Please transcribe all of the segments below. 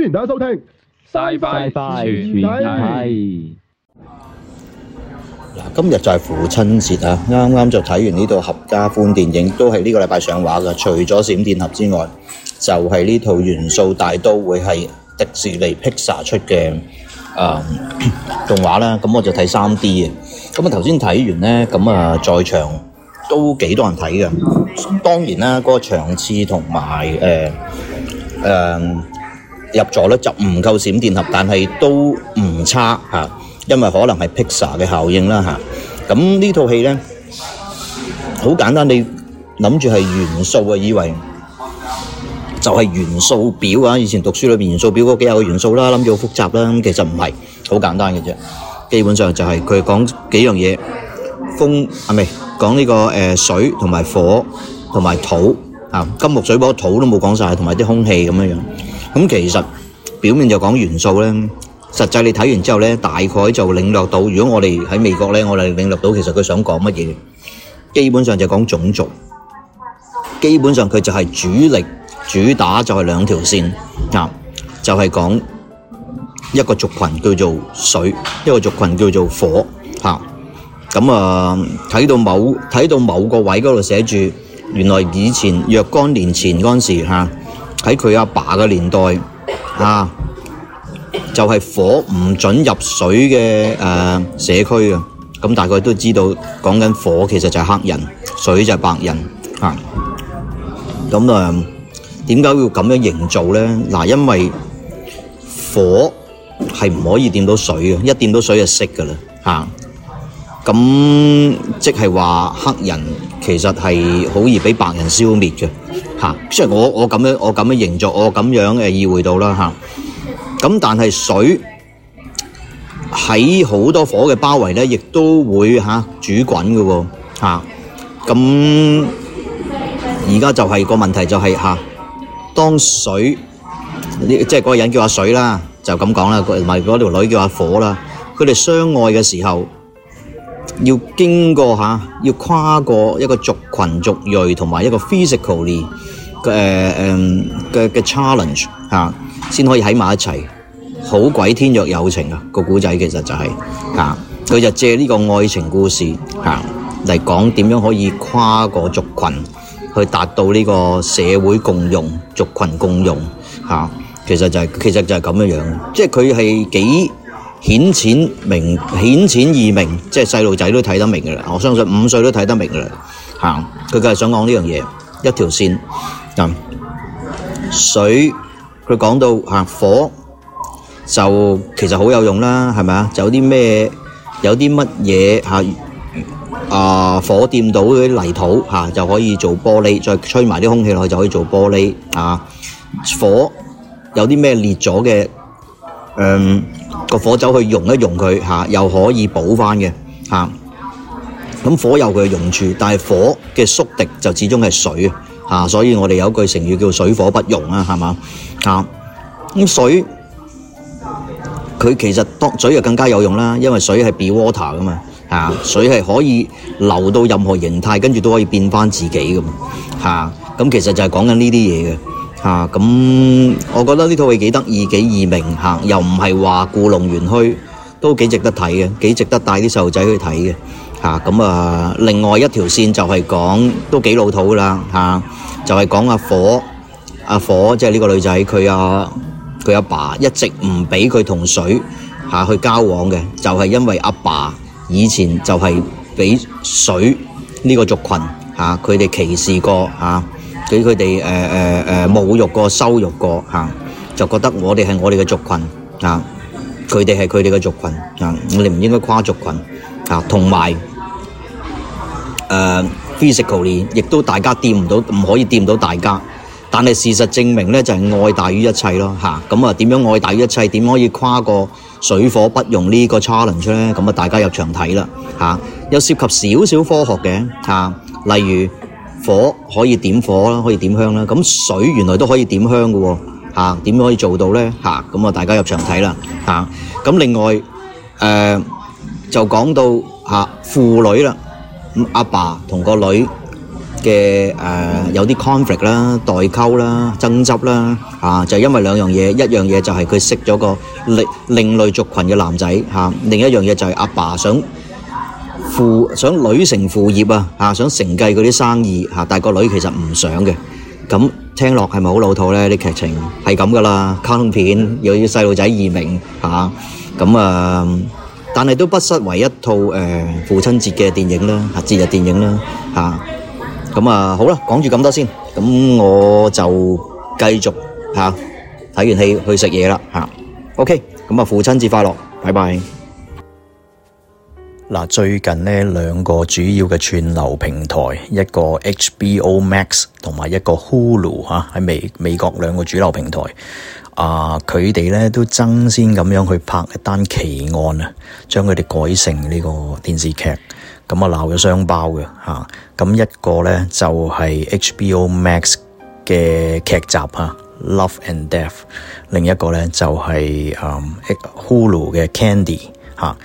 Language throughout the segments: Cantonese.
歡迎大家收聽，拜拜拜拜。嗱，今日就係父親節啊！啱啱，就睇完呢套合家歡電影，都係呢個禮拜上畫㗎。除咗閃電俠之外，就係呢套元素大都會係迪士尼 Pixar 出嘅誒動畫啦。咁我就睇三 D 嘅。咁啊，頭先睇完咧，咁啊，在場都幾多人睇嘅。當然啦，嗰個場次同埋誒誒。入座咧就唔夠閃電俠，但係都唔差嚇，因為可能係 Pixar 嘅效應啦嚇。咁呢套戲咧，好簡單，你諗住係元素啊，以為就係元素表啊，以前讀書裡面元素表嗰幾廿個元素啦，諗住好複雜啦，其實唔係，好簡單嘅啫。基本上就係佢講幾樣嘢，風啊未講呢個誒、呃、水同埋火同埋土啊，金木水火土都冇講晒，同埋啲空氣咁樣樣。咁其實表面就講元素咧，實際你睇完之後咧，大概就領略到，如果我哋喺美國咧，我哋領略到其實佢想講乜嘢，基本上就講種族，基本上佢就係主力主打就係兩條線啊，就係講一個族群叫做水，一個族群叫做火嚇咁啊，睇到某睇到某個位嗰度寫住，原來以前若干年前嗰陣時喺佢阿爸嘅年代啊，就係、是、火唔准入水嘅誒、呃、社區噶，咁大概都知道講緊火其實就係黑人，水就係白人咁啊，點解、啊、要咁樣營造咧？嗱、啊，因為火係唔可以掂到水嘅，一掂到水就熄噶啦。吓、啊，咁即係話黑人其實係好易俾白人消滅嘅。嚇，即係我我咁樣我咁樣營造我咁樣嘅意會到啦嚇。咁但係水喺好多火嘅包圍咧，亦都會吓煮滾嘅喎。咁而家就係個問題就係吓，當水即係嗰個人叫阿水啦，就咁講啦，唔係嗰條女叫阿火啦。佢哋相愛嘅時候，要經過，要跨過一個族群族裔同埋一個 physically。嘅誒嘅嘅 challenge 嚇、啊，先可以喺埋一齊。好鬼天若有情啊！這個古仔其實就係、是、嚇，佢、啊、就借呢個愛情故事嚇嚟講點樣可以跨過族群，去達到呢個社會共用、族群共用嚇、啊。其實就係、是、其實就係咁樣樣，即係佢係幾顯淺明、顯淺易明，即係細路仔都睇得明噶啦。我相信五歲都睇得明噶啦嚇。佢梗係想講呢樣嘢一條線。嗯、水佢講到吓、啊、火就其實好有用啦，係咪啊？有啲咩有啲乜嘢吓啊？火掂到嗰啲泥土吓、啊，就可以做玻璃，再吹埋啲空氣落去就可以做玻璃啊。火有啲咩裂咗嘅？嗯，個火走去溶一溶佢吓、啊，又可以補翻嘅吓。咁、啊啊、火有佢嘅用處，但係火嘅宿敵就始終係水啊。啊，所以我哋有一句成語叫「水火不容」，啊，啊，係嘛？咁水佢其實「多嘴」就更加有用啦，因為水係 be water 噶嘛，啊、水係可以流到任何形態，跟住都可以變翻自己噶嘛，咁、啊、其實就係講緊呢啲嘢嘅，咁、啊、我覺得呢套戲幾得意，幾易明，又唔係話故弄玄虛，都幾值得睇嘅，幾值得帶啲細路仔去睇嘅。啊，咁啊，另外一條線就係講都幾老土啦，嚇、啊，就係、是、講阿火，阿、啊、火即係呢個女仔，佢阿佢阿爸一直唔俾佢同水、啊、去交往嘅，就係、是、因為阿爸、爸以前就係俾水呢個族群，嚇佢哋歧視過嚇，俾佢哋誒誒誒侮辱過、羞辱過、啊、就覺得我哋係我哋嘅族群，啊，佢哋係佢哋嘅族群。啊，我哋唔應該跨族群。啊，同埋。誒、uh, physically，亦都大家掂唔到，唔可以掂到大家。但係事實證明咧，就係、是、愛大於一切咯嚇。咁啊，點樣,樣愛大於一切？點可以跨過水火不容個呢個 challenge 咧？咁啊，大家入場睇啦嚇。又、啊、涉及少少科學嘅、啊、例如火可以點火啦，可以點香啦。咁、啊、水原來都可以點香嘅喎嚇，點樣可以做到咧嚇。咁啊，大家入場睇啦嚇。咁另外誒、呃、就講到嚇婦、啊、女啦。咁阿爸同個女嘅誒有啲 conflict 啦、代溝啦、爭執啦，嚇就係因為兩樣嘢，一樣嘢就係佢識咗個另另類族羣嘅男仔嚇，另一樣嘢就係阿爸想父想女承父業啊嚇，想承繼佢啲生意嚇，但係個女其實唔想嘅。咁聽落係咪好老土咧？啲劇情係咁噶啦，卡通片又要細路仔易明嚇，咁啊～但係都不失為一套誒、呃、父親節嘅電影啦，節日電影啦，吓咁啊，啊好啦，講住咁多先，咁我就繼續吓睇、啊、完戲去食嘢啦，吓、啊、OK，咁啊父親節快樂，拜拜。嗱，最近呢兩個主要嘅串流平台，一個 HBO Max 同埋一個 Hulu 吓、啊，喺美美國兩個主流平台。啊！佢哋咧都爭先咁樣去拍一單奇案啊，將佢哋改成呢個電視劇，咁啊鬧咗雙胞嘅嚇。咁、啊、一個咧就係、是、HBO Max 嘅劇集、啊、《Love and Death》，另一個咧就係 Hulu 嘅《Candy、啊》嚇、啊。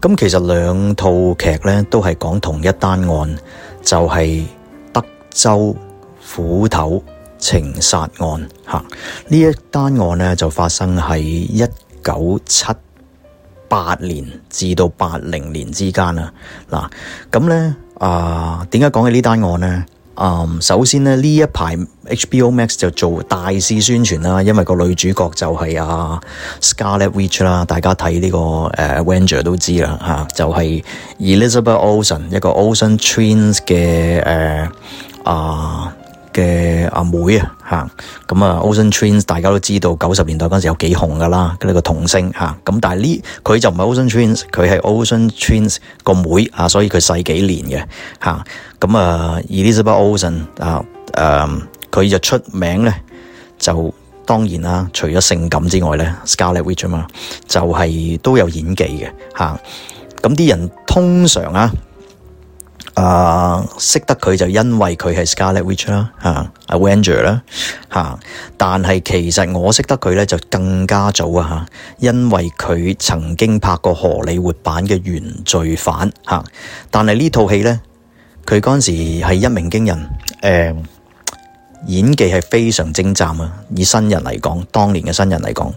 咁其實兩套劇咧都係講同一單案，就係、是、德州斧頭情殺案吓，一案呢，一單案咧就發生喺一九七八年至到八零年之間啦。嗱，咁咧啊，點解講起呢單案咧？首先咧呢一排 HBO Max 就做大肆宣傳啦，因為個女主角就係啊 Scarlet Witch 啦，大家睇呢、呢個誒 Avenger、啊、都知啦吓、啊，就係、是、Elizabeth Olsen 一個 Olsen Twins 嘅誒啊。啊嘅阿妹啊，咁啊，Ocean Twins 大家都知道九十年代嗰陣時有幾紅噶啦，跟哋個童星咁，但係呢佢就唔係 Ocean Twins，佢係 Ocean Twins 個妹啊，所以佢細幾年嘅咁啊，Elizabeth Olsen 啊誒、呃，佢就出名咧，就當然啦，除咗性感之外咧，Scarlet Witch 嘛，就係都有演技嘅咁啲人通常啊。誒，uh, 識得佢就因為佢係 Scarlet Witch 啦，吓、啊、Avenger 啦，吓、啊，但係其實我識得佢咧就更加早啊，吓、啊，因為佢曾經拍過荷里活版嘅《原罪犯》吓、啊，但係呢套戲咧，佢嗰時係一鳴驚人，誒、呃。演技係非常精湛啊！以新人嚟講，當年嘅新人嚟講，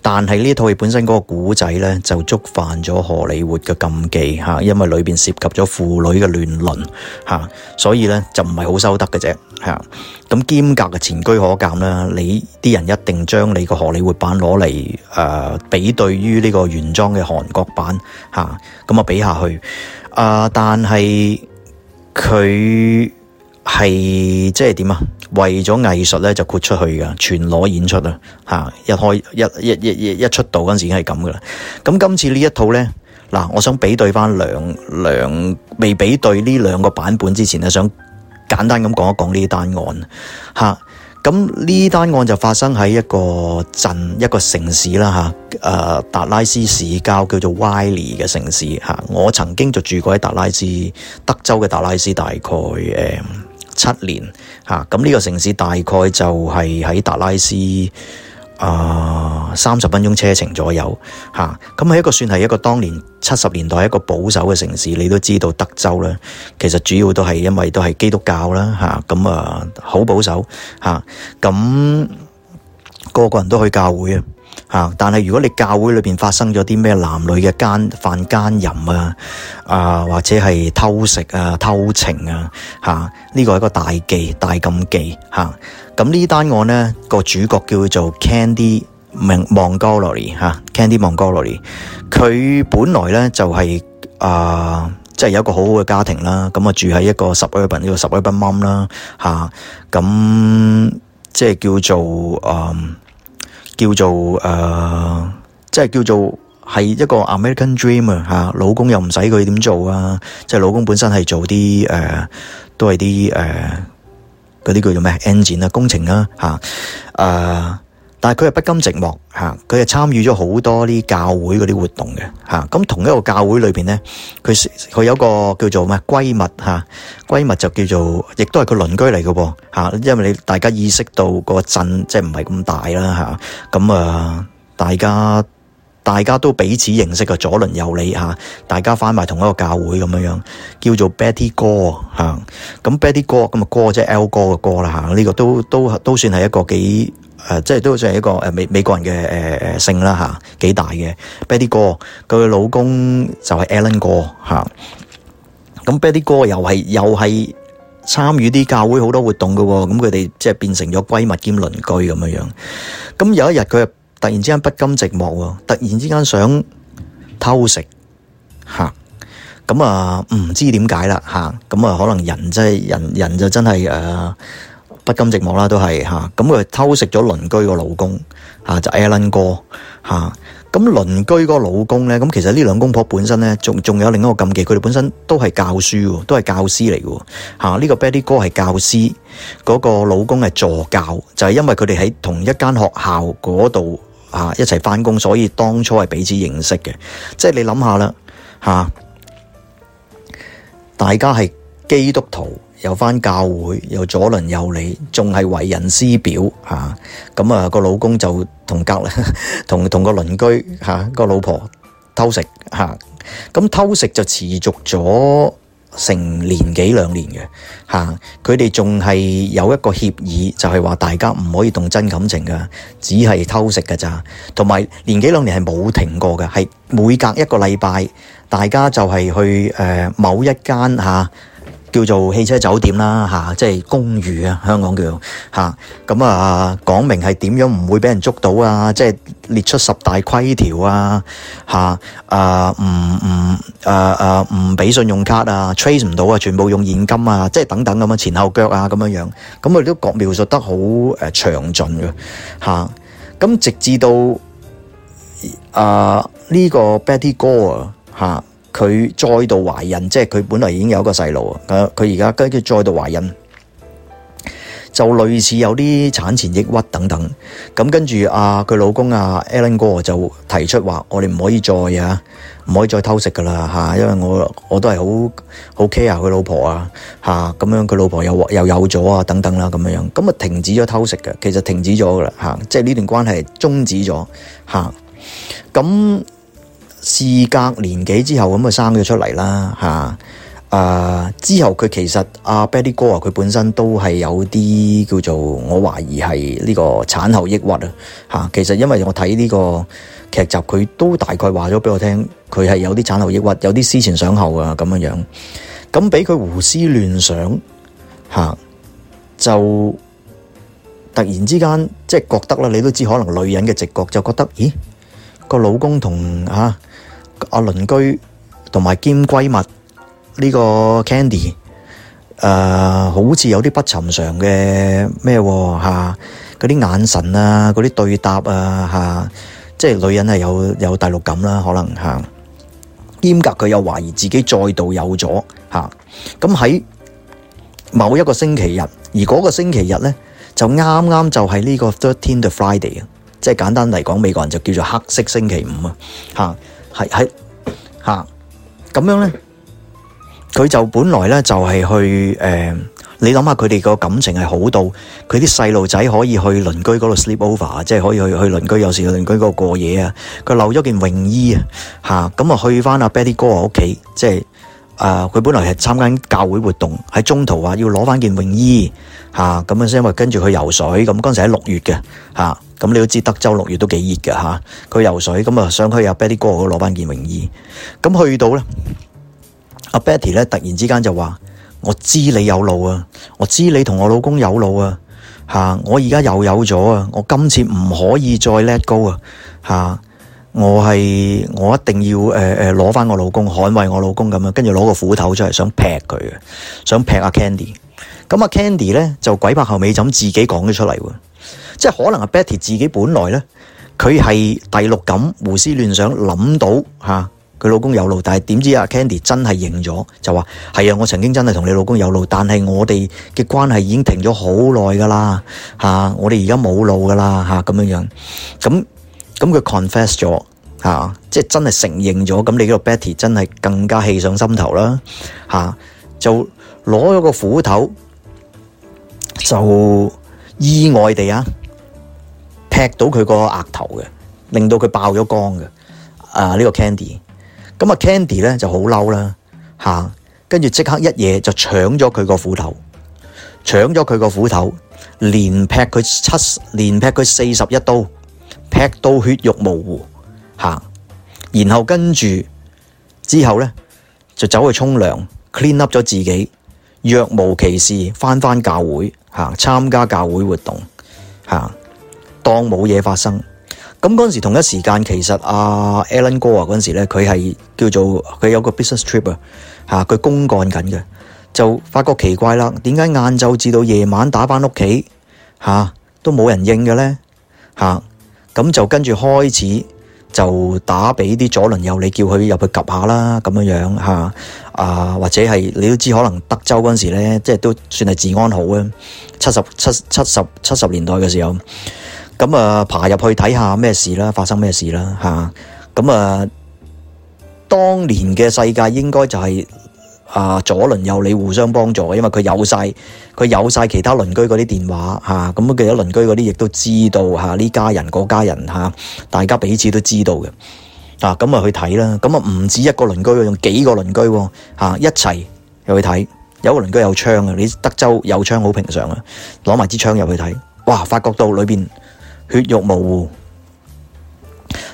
但係呢套戲本身嗰個故仔呢，就觸犯咗荷里活嘅禁忌嚇，因為裏邊涉及咗父女嘅亂倫嚇，所以呢就唔係好收得嘅啫嚇。咁兼夾嘅前居可鑑啦，你啲人一定將你個荷里活版攞嚟誒比對於呢個原裝嘅韓國版嚇，咁啊比下去啊，但係佢。係即係點啊？為咗藝術咧，就豁出去噶，全裸演出啦吓。一開一一一一一出道嗰陣時，已經係咁噶啦。咁今次呢一套咧，嗱，我想比對翻兩兩未比對呢兩個版本之前咧，想簡單咁講一講呢單案吓。咁呢單案就發生喺一個鎮一個城市啦吓，誒達拉斯市郊叫做 Wylie 嘅城市吓。我曾經就住過喺達拉斯德州嘅達拉斯，拉斯大概誒。嗯七年嚇，咁呢個城市大概就係喺達拉斯啊，呃，三十分鐘車程左右嚇。咁、啊、係一個算係一個當年七十年代一個保守嘅城市，你都知道德州啦。其實主要都係因為都係基督教啦嚇，咁啊好保守嚇，咁，啊，個個人都去教會啊。啊！但係如果你教會裏邊發生咗啲咩男女嘅奸犯奸淫啊，啊或者係偷食啊、偷情啊，吓、啊、呢、呢個係一個大忌、大禁忌吓。咁呢單案呢，個主角叫做 olia,、啊、Candy Montgom、啊、ery 吓，Candy Montgomery 佢本來呢就係、是啊,就是、啊,啊,啊,啊，即係有一個好好嘅家庭啦，咁啊住喺一個 suburban，呢個 suburban mom 啦吓，咁即係叫做嗯。啊叫做誒、呃，即係叫做係一個 American dream 啊！吓，老公又唔使佢點做啊，即係老公本身係做啲誒、呃，都係啲誒，嗰、呃、啲叫做咩 engine 啊，工程啊，吓啊。但佢係不甘寂寞吓，佢係參與咗好多啲教會嗰啲活動嘅，咁同一個教會裏邊咧，佢佢有個叫做咩閨蜜吓，閨蜜就叫做亦都係個鄰居嚟嘅喎，因為你大家意識到個鎮即係唔係咁大啦咁啊，大家大家都彼此認識嘅左鄰右里，吓大家翻埋同一個教會，咁樣樣叫做 Betty 哥啊。咁 Betty 哥咁啊，哥即係 L 哥嘅哥啦嚇。呢個都都都算係一個幾。誒，即係都算係一個誒美、呃、美國人嘅誒姓啦吓，幾大嘅 Betty 哥，佢老公就係 Alan、啊嗯、B 哥吓。咁 Betty 哥又係又係參與啲教會好多活動喎、哦。咁佢哋即係變成咗閨蜜兼鄰居咁樣樣。咁有一日佢突然之間不甘寂寞，啊、突然之間想偷食吓。咁啊唔、啊、知點解啦吓，咁啊,啊可能人真、就、係、是、人人就真係誒。啊不甘寂寞啦，都係吓，咁佢偷食咗鄰居個老公，吓就 Alan 哥吓，咁鄰居個老公咧，咁其實呢兩公婆本身咧，仲仲有另一個禁忌，佢哋本身都係教書，都係教師嚟嘅，吓呢個 Betty 哥係教師，嗰個老公係助教，就係因為佢哋喺同一間學校嗰度一齊翻工，所以當初係彼此認識嘅，即係你諗下啦吓，大家係基督徒。又返教會，又左鄰右里，仲係為人師表咁啊，個老公就同隔，同同個鄰居嚇個、啊、老婆偷食咁、啊、偷食就持續咗成年幾兩年嘅吓，佢哋仲係有一個協議，就係、是、話大家唔可以動真感情噶，只係偷食噶咋。同埋年幾兩年係冇停過嘅，係每隔一個禮拜，大家就係去誒、呃、某一間、啊叫做汽車酒店啦，嚇，即係公寓啊，香港叫嚇。咁啊，講明係點樣唔會俾人捉到啊？即係列出十大規條啊，嚇，啊，唔唔，誒誒，唔俾信用卡啊，trace 唔到啊，全部用現金啊，即係等等咁啊，前後腳啊，咁樣樣，咁佢都講描述得好誒詳盡嘅嚇。咁直至到啊呢個 Betty Gore 嚇。佢再度懷孕，即係佢本來已經有一個細路啊！佢佢而家跟住再度懷孕，就類似有啲產前抑鬱等等。咁跟住啊，佢老公啊，Allen 哥就提出話：我哋唔可以再啊，唔可以再偷食噶啦嚇！因為我我都係好好 care 佢老婆啊嚇。咁樣佢老婆又又有咗啊等等啦咁樣，咁啊停止咗偷食嘅，其實停止咗噶啦嚇，即係呢段關係終止咗嚇。咁事隔年幾之後咁啊生咗出嚟啦吓，誒之後佢其實阿 Betty 哥啊，佢本身都係有啲叫做，我懷疑係呢個產後抑鬱啊吓，其實因為我睇呢個劇集佢都大概話咗俾我聽，佢係有啲產後抑鬱，有啲思前想後啊咁樣樣，咁俾佢胡思亂想吓、啊，就突然之間即係覺得啦，你都知可能女人嘅直覺就覺得，咦個老公同啊。阿鄰居同埋兼閨蜜呢個 Candy，誒、呃、好似有啲不尋常嘅咩喎，嗰啲眼神啊，嗰啲對答啊嚇、啊，即係女人係有有第六感啦，可能嚇、啊。兼夾佢又懷疑自己再度有咗嚇，咁、啊、喺某一個星期日，而嗰個星期日咧就啱啱就係呢個 Thirteen to Friday 啊，即係簡單嚟講，美國人就叫做黑色星期五啊嚇。係係吓咁樣咧，佢就本來咧就係去誒，你諗下佢哋個感情係好到，佢啲細路仔可以去鄰居嗰度 sleep over，即係可以去去鄰居，有時去鄰居嗰度過夜啊。佢漏咗件泳衣啊，吓咁啊去翻，阿 Betty 哥屋企，即係啊，佢本來係參加教會活動，喺中途話要攞翻件泳衣吓咁啊，因為跟住去游水，咁嗰陣時喺六月嘅，吓。咁你都知德州六月都幾熱嘅吓，佢游水咁啊，想去阿 Betty 哥攞翻件泳衣。咁去到咧，阿、啊、Betty 咧突然之間就話：我知你有路啊，我知你同我老公有路啊，吓我而家又有咗啊，我今次唔可以再叻高啊，吓我係我一定要誒誒攞翻我老公，捍衛我老公咁樣，跟住攞個斧頭出嚟想劈佢啊，想劈阿 Candy。咁阿 Candy 咧就鬼拍後尾枕，自己講咗出嚟。即係可能阿 Betty 自己本來呢，佢係第六感胡思亂想諗到吓，佢老公有路，但係點知阿 Candy 真係認咗，就話係啊，我曾經真係同你老公有路，但係我哋嘅關係已經停咗好耐噶啦吓，我哋而家冇路噶啦吓咁樣樣，咁咁佢 confess 咗吓，即係真係承認咗，咁你呢個 Betty 真係更加氣上心頭啦吓，就攞咗個斧頭就。意外地啊，劈到佢個額頭嘅，令到佢爆咗光嘅。啊，這個、呢個 Candy，咁啊 Candy 咧就好嬲啦，吓，跟住即刻一嘢就搶咗佢個斧頭，搶咗佢個斧頭，連劈佢七，連劈佢四十一刀，劈到血肉模糊，吓、啊，然後跟住之後咧就走去沖涼，clean up 咗自己，若無其事翻返教會。啊、參加教會活動，啊、當冇嘢發生。咁嗰陣時同一時間，其實阿、啊、Alan 哥啊嗰陣時咧，佢係叫做佢有個 business trip 啊，佢公幹緊嘅，就發覺奇怪啦，點解晏晝至到夜晚打返屋企都冇人應嘅咧？嚇、啊、咁就跟住開始。.就打俾啲左鄰右里，你叫佢入去 𥄫 下啦，咁樣樣吓啊，或者係你都知，可能德州嗰陣時呢，即係都算係治安好啊，七十七七十七十年代嘅時候，咁啊爬入去睇下咩事啦，發生咩事啦吓，咁啊，啊當年嘅世界應該就係、是。啊，左鄰右里互相幫助，因為佢有晒佢有晒其他鄰居嗰啲電話嚇，咁、啊、嘅鄰居嗰啲亦都知道嚇呢、啊、家人個家人嚇、啊，大家彼此都知道嘅。啊，咁啊去睇啦，咁啊唔止一個鄰居，用幾個鄰居嚇、啊啊、一齊入去睇，有個鄰居有槍呀，你德州有槍好平常呀，攞埋支槍入去睇，哇，發覺到裏邊血肉模糊，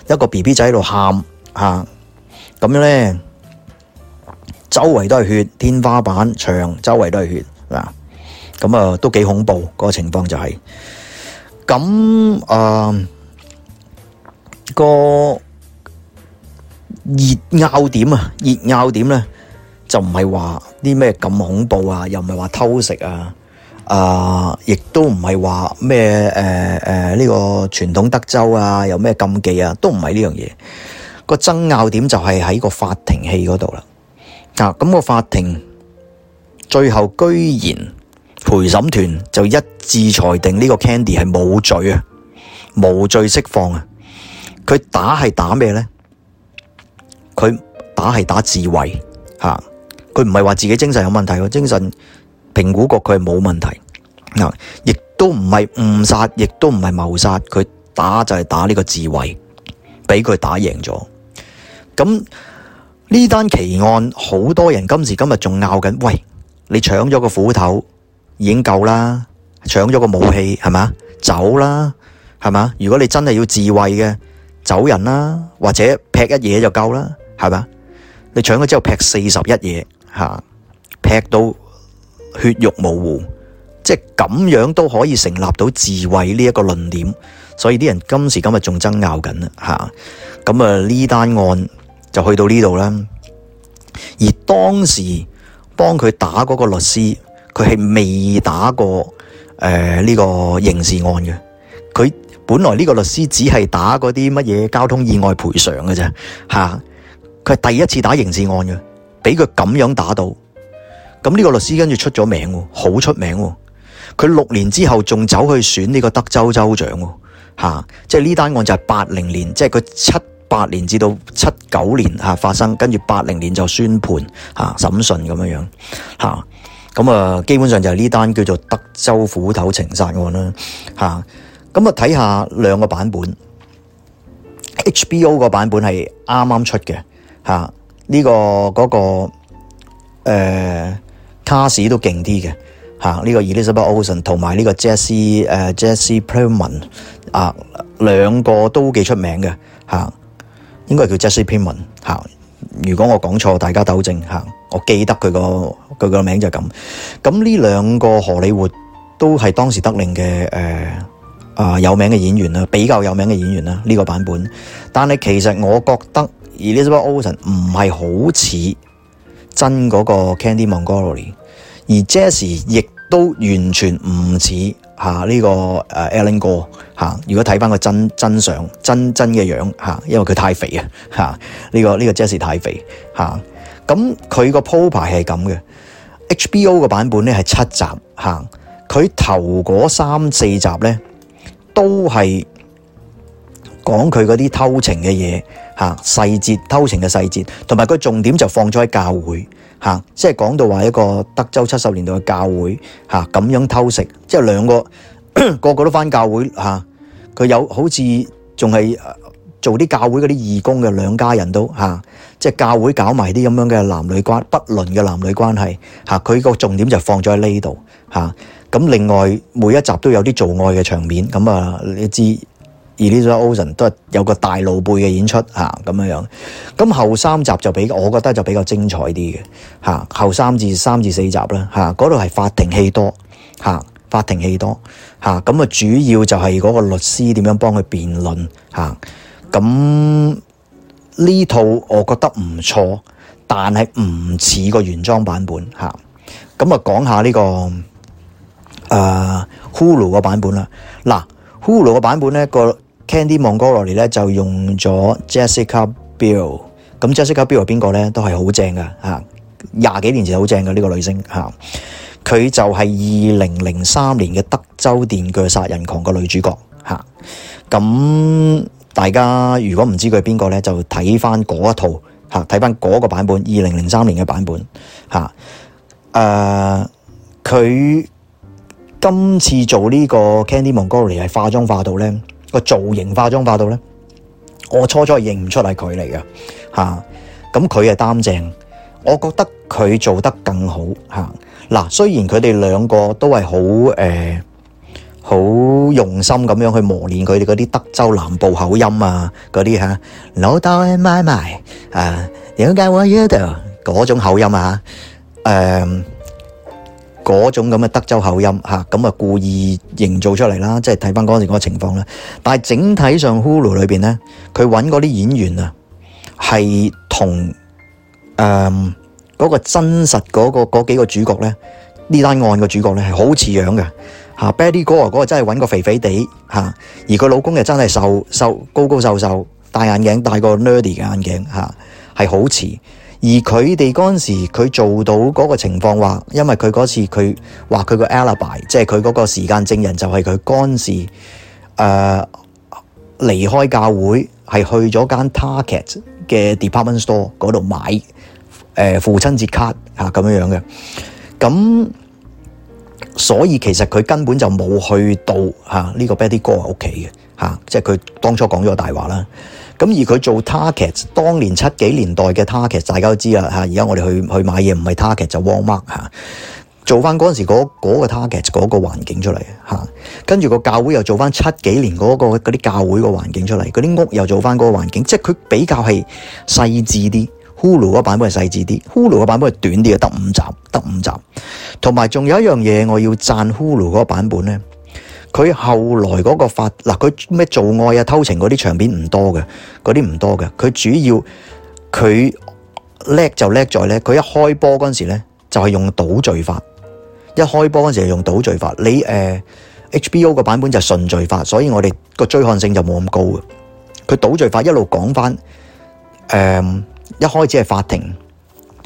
一個 B B 仔喺度喊嚇，咁、啊、樣咧。周圍都係血，天花板、牆周圍都係血嗱，咁啊都幾恐怖。個情況就係咁啊個熱拗點啊，熱拗點咧就唔係話啲咩咁恐怖啊，又唔係話偷食啊，啊、呃，亦都唔係話咩誒誒呢個傳統德州啊，又咩禁忌啊，都唔係呢樣嘢。個爭拗點就係喺個法庭戲嗰度啦。嗱，咁個法庭最後居然陪審團就一致裁定呢個 Candy 係冇罪啊，無罪釋放啊，佢打係打咩呢？佢打係打自衛吓，佢唔係話自己精神有問題，精神評估過佢係冇問題嗱，亦都唔係誤殺，亦都唔係謀殺，佢打就係打呢個自衛，俾佢打贏咗，咁。呢單奇案，好多人今時今日仲拗緊。喂，你搶咗個斧頭已經夠啦，搶咗個武器係嘛，走啦係嘛。如果你真係要自衛嘅，走人啦，或者劈一嘢就夠啦，係嘛？你搶咗之後劈四十一嘢吓，劈到血肉模糊，即係咁樣都可以成立到自衛呢一個論點。所以啲人今時今日仲爭拗緊啦吓。咁啊呢單案，就去到呢度啦，而當時幫佢打嗰個律師，佢係未打過誒呢、呃這個刑事案嘅。佢本來呢個律師只係打嗰啲乜嘢交通意外賠償嘅啫，吓，佢係第一次打刑事案嘅，俾佢咁樣打到，咁呢個律師跟住出咗名，好出名，佢六年之後仲走去選呢個德州州長，吓，即係呢單案就係八零年，即係佢七。八年至到七九年嚇，發生，跟住八零年就宣判嚇審訊咁樣樣嚇，咁啊基本上就係呢單叫做德州斧頭情殺案啦嚇，咁啊睇下兩個版本，HBO 個版本係啱啱出嘅嚇，呢、呢個嗰、嗰個、呃、卡士都勁啲嘅嚇，呢、呢個 Elizabeth Olsen 同埋呢個 Jesse、呃、Jesse 誒 Jesse Perlmun 啊兩個都幾出名嘅嚇。啊應該係叫 Jesse Pinkman 如果我講錯，大家糾正吓。我記得佢個佢個名就係咁。咁呢兩個荷里活都係當時得令嘅啊、呃、有名嘅演員啦，比較有名嘅演員啦。呢、呢個版本，但係其實我覺得 Elizabeth Olsen 唔係好似真嗰個 Candy Montgomery，而 Jesse 亦都完全唔似。吓呢個誒 Allan 哥吓，如果睇翻個真真相真真嘅樣吓，因為佢太肥啊吓，呢、這個呢、這個 Jesse 太肥吓。咁佢個鋪排係咁嘅，HBO 嘅版本咧係七集吓，佢頭嗰三四集咧都係講佢嗰啲偷情嘅嘢吓，細節偷情嘅細節，同埋佢重點就放咗喺教會。吓，即係講到話一個德州七十年代嘅教會吓，咁樣偷食，即係兩個個個都返教會吓，佢有好似仲係做啲教會嗰啲義工嘅兩家人都吓，即係教會搞埋啲咁樣嘅男女關不倫嘅男女關係吓，佢個重點就放咗喺呢度吓，咁另外每一集都有啲做愛嘅場面，咁啊你知。而呢套《Ocean》都係有個大露背嘅演出咁、啊、樣咁後三集就比較我覺得就比較精彩啲嘅嚇，後三至三至四集啦，嗰度係法庭戲多嚇、啊，法庭戲多咁啊，主要就係嗰個律師點樣幫佢辯論咁呢、啊、套我覺得唔錯，但係唔似個原裝版本咁啊，講下呢、呢個誒《Hulu、呃》嘅版本啦，嗱、啊，《Hulu》嘅版本咧個 Candy Montgomery 咧就用咗 Jessica Biel，咁 Jessica Biel 係邊個咧？都係好正噶吓，廿幾年前好正嘅呢、這個女星吓，佢就係二零零三年嘅德州電鋸殺人狂嘅女主角吓。咁大家如果唔知佢係邊個咧，就睇翻嗰一套吓，睇翻嗰個版本二零零三年嘅版本吓。誒、呃，佢今次做呢個 Candy Montgomery 係化妝化到咧。個造型化妝化到呢，我初初認唔出係佢嚟嘅吓。咁佢係擔正，我覺得佢做得更好吓。嗱、啊，雖然佢哋兩個都係好誒，好、呃、用心咁樣去磨練佢哋嗰啲德州南部口音啊，嗰啲吓。老豆 a n 有 my 妹啊，我嗰、啊、種口音啊？誒、啊。嗰種咁嘅德州口音嚇。咁啊故意營造出嚟啦，即係睇翻嗰陣嗰個情況啦。但係整體上裡《Hulu》裏面咧，佢揾嗰啲演員啊，係同誒嗰個真實嗰、嗰個嗰幾個主角咧，呢單案嘅主角咧係好似樣嘅嚇。Betty Gore，啊，嗰個真係揾個肥肥哋吓，而佢老公又真係瘦瘦高高瘦瘦，戴眼鏡，戴個 nerdy 嘅眼鏡吓係好似。啊而佢哋嗰陣時，佢做到嗰個情況話，因為佢嗰次佢話佢個 alibi，即係佢嗰個時間證人就係佢嗰陣時、呃、離開教會，係去咗間 Target 嘅 department store 嗰度買誒、呃、父親節卡咁樣嘅，咁所以其實佢根本就冇去到呢、這個 Betty Gore 屋企嘅，即係佢當初講咗個大話啦。咁而佢做 target 當年七幾年代嘅 target 大家都知啦，吓，而家我哋去去買嘢，唔係 target 就 Walmart 嚇，做翻嗰陣時嗰嗰個 target 嗰個環境出嚟，跟住個教會又做翻七幾年嗰嗰啲教會個環境出嚟，嗰啲屋又做翻嗰個環境，即係佢比較係細緻啲。Hulu 嗰版本係細緻啲，Hulu 嘅版本係短啲得五集，得五集。同埋仲有一樣嘢，我要讚 Hulu 嗰個版本咧。佢後來嗰個法嗱，佢咩做愛啊、偷情嗰啲場面唔多嘅，嗰啲唔多嘅。佢主要佢叻就叻在咧，佢一開波嗰陣時咧就係用倒敘法，一開波嗰陣時用倒敘法。你誒、呃、HBO 個版本就順序法，所以我哋個追看性就冇咁高嘅。佢倒敘法一路講翻誒，一開始係法庭，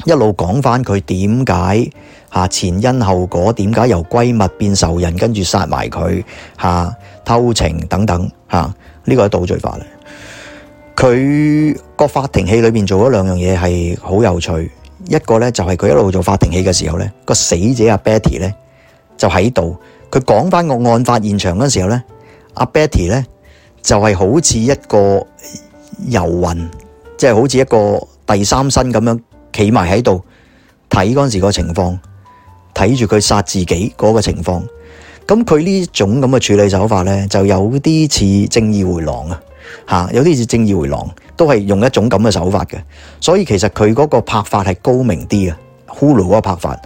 一路講翻佢點解。嚇前因後果，點解由閨蜜變仇人，跟住殺埋佢嚇偷情等等嚇？呢個係倒敘法啦。佢個法庭戲裏面做咗兩樣嘢係好有趣，一個咧就係、是、佢一路做法庭戲嘅時候咧，個死者阿 Betty 咧就喺度，佢講翻個案發現場嗰陣時候咧，阿、啊、Betty 咧就係、是、好似一個遊魂，即、就、係、是、好似一個第三身咁樣企埋喺度睇嗰陣時個情況。睇住佢殺自己嗰個情況，咁佢呢種咁嘅處理手法呢，就有啲似正義迴廊啊，嚇有啲似正義迴廊，都係用一種咁嘅手法嘅。所以其實佢嗰個拍法係高明啲啊，呃《Hulu》嗰個拍法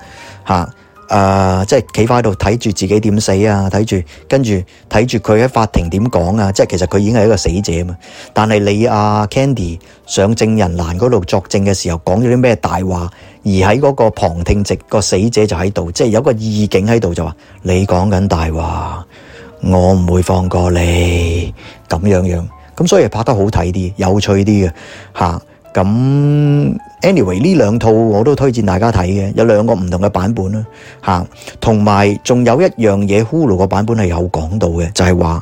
嚇，誒即係企返喺度睇住自己點死啊，睇住跟住睇住佢喺法庭點講啊，即係其實佢已經係一個死者啊嘛。但係你阿、啊、Candy 上證人欄嗰度作證嘅時候講咗啲咩大話？而喺嗰個旁聽席，個死者就喺度，即係有個意境喺度，就話、是、你講緊大話，我唔會放過你咁樣樣。咁所以拍得好睇啲，有趣啲嘅嚇。咁、啊、anyway 呢兩套我都推薦大家睇嘅，有兩個唔同嘅版本啦嚇，同埋仲有一樣嘢，Hulu 個版本係有講到嘅，就係、是、話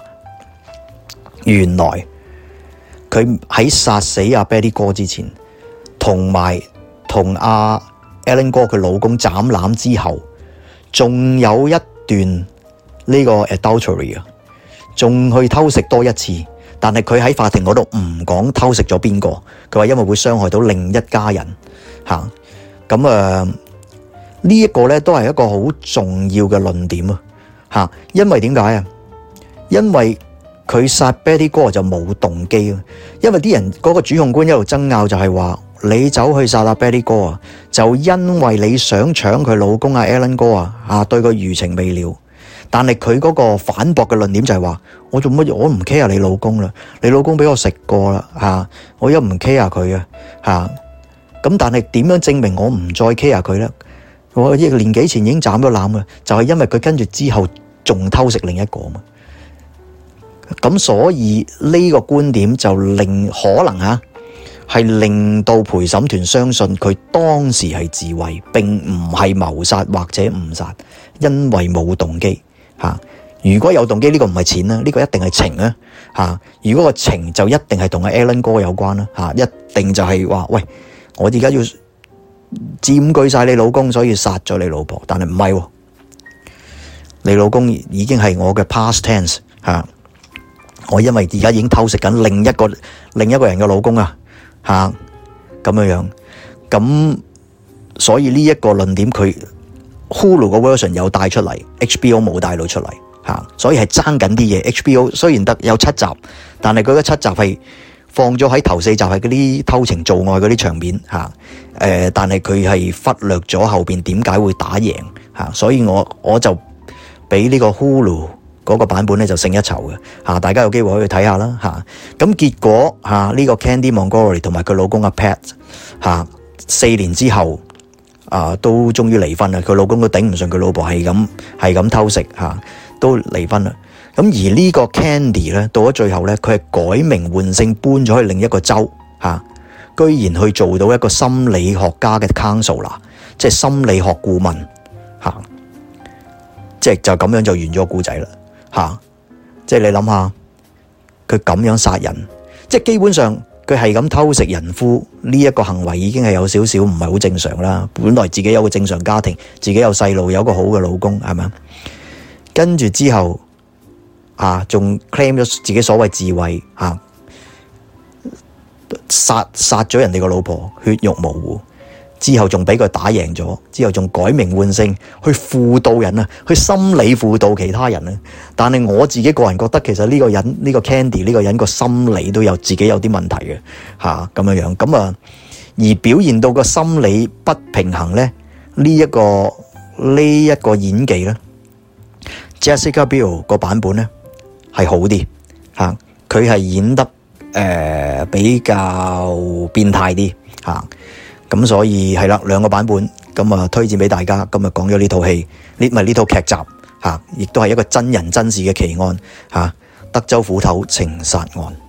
原來佢喺殺死阿 Betty 哥之前，同埋同阿 Ellen 哥佢老公斬纜之後，仲有一段呢個 adultery 啊，仲去偷食多一次，但係佢喺法庭嗰度唔講偷食咗邊個，佢話因為會傷害到另一家人吓，咁、啊、誒、呃，這個、呢一個咧都係一個好重要嘅論點啊吓，因為點解啊？因為佢殺 Betty 哥就冇動機啊，因為啲人嗰、那個主控官一路爭拗就係話你走去殺阿 Betty 哥啊。就因為你想搶佢老公啊，Allen 哥啊，啊對佢餘情未了，但係佢嗰個反駁嘅論點就係話：我做乜嘢？我唔 care 你老公啦，你老公俾我食過啦，我一唔 care 佢嘅嚇。咁但係點樣證明我唔再 care 佢咧？我一年幾前已經斬咗纜啦，就係、是、因為佢跟住之後仲偷食另一個嘛。咁所以呢個觀點就令可能嚇。係令到陪審團相信佢當時係自衛，並唔係謀殺或者誤殺，因為冇動機吓。如果有動機呢、呢個唔係錢呢、呢個一定係情吓。如果個情就一定係同阿 Allen 哥有關啦吓，一定就係話喂，我而家要佔據晒你老公，所以殺咗你老婆。但係唔係喎，你老公已經係我嘅 past tense 吓。我因為而家已經偷食緊另一個另一個人嘅老公啊。吓，咁樣樣，咁所以呢一個論點佢《Hulu》嘅 version 有帶出嚟，《HBO》冇帶到出嚟，吓，所以係爭緊啲嘢，《HBO》HBO 雖然得有七集，但係佢嘅七集係放咗喺頭四集係嗰啲偷情做愛嗰啲場面，吓，誒，但係佢係忽略咗後邊點解會打贏，吓，所以我我就俾呢個《Hulu》。嗰個版本咧，就勝一籌嘅，大家有機會可以睇下啦。咁結果呢、啊呢個 Candy Montgomery 同埋佢老公阿 Pat、啊、四年之後啊都終於離婚啦，佢老公都頂唔順佢老婆係咁係咁偷食、啊、都離婚啦。咁、啊、而個呢個 Candy 咧到咗最後咧，佢係改名換姓搬咗去另一個州、啊、居然去做到一個心理學家嘅 consult 啦，即係心理學顧問、啊、即係就咁樣就完咗個故仔啦。吓、啊，即係你諗下，佢咁樣殺人，即係基本上佢係咁偷食人夫呢一個行為，已經係有少少唔係好正常啦。本來自己有個正常家庭，自己有細路，有一個好嘅老公，係咪？跟住之後啊，仲 claim 咗自己所謂自衛吓，殺殺咗人哋個老婆，血肉模糊。之後仲俾佢打贏咗，之後仲改名換姓去輔導人啊，去心理輔導其他人啊。但係我自己個人覺得，其實呢個人呢、呢個 Candy 呢個人個心理都有自己有啲問題嘅咁、啊、樣咁啊，而表現到個心理不平衡咧，呢、這、一個呢一、這個演技咧，Jessica Bill 個版本咧係好啲嚇，佢、啊、係演得誒、呃、比較變態啲咁所以係啦，兩個版本咁啊推薦俾大家。今日講咗呢套戲，呢唔係呢套劇集嚇，亦都係一個真人真事嘅奇案嚇、啊——德州斧頭情殺案。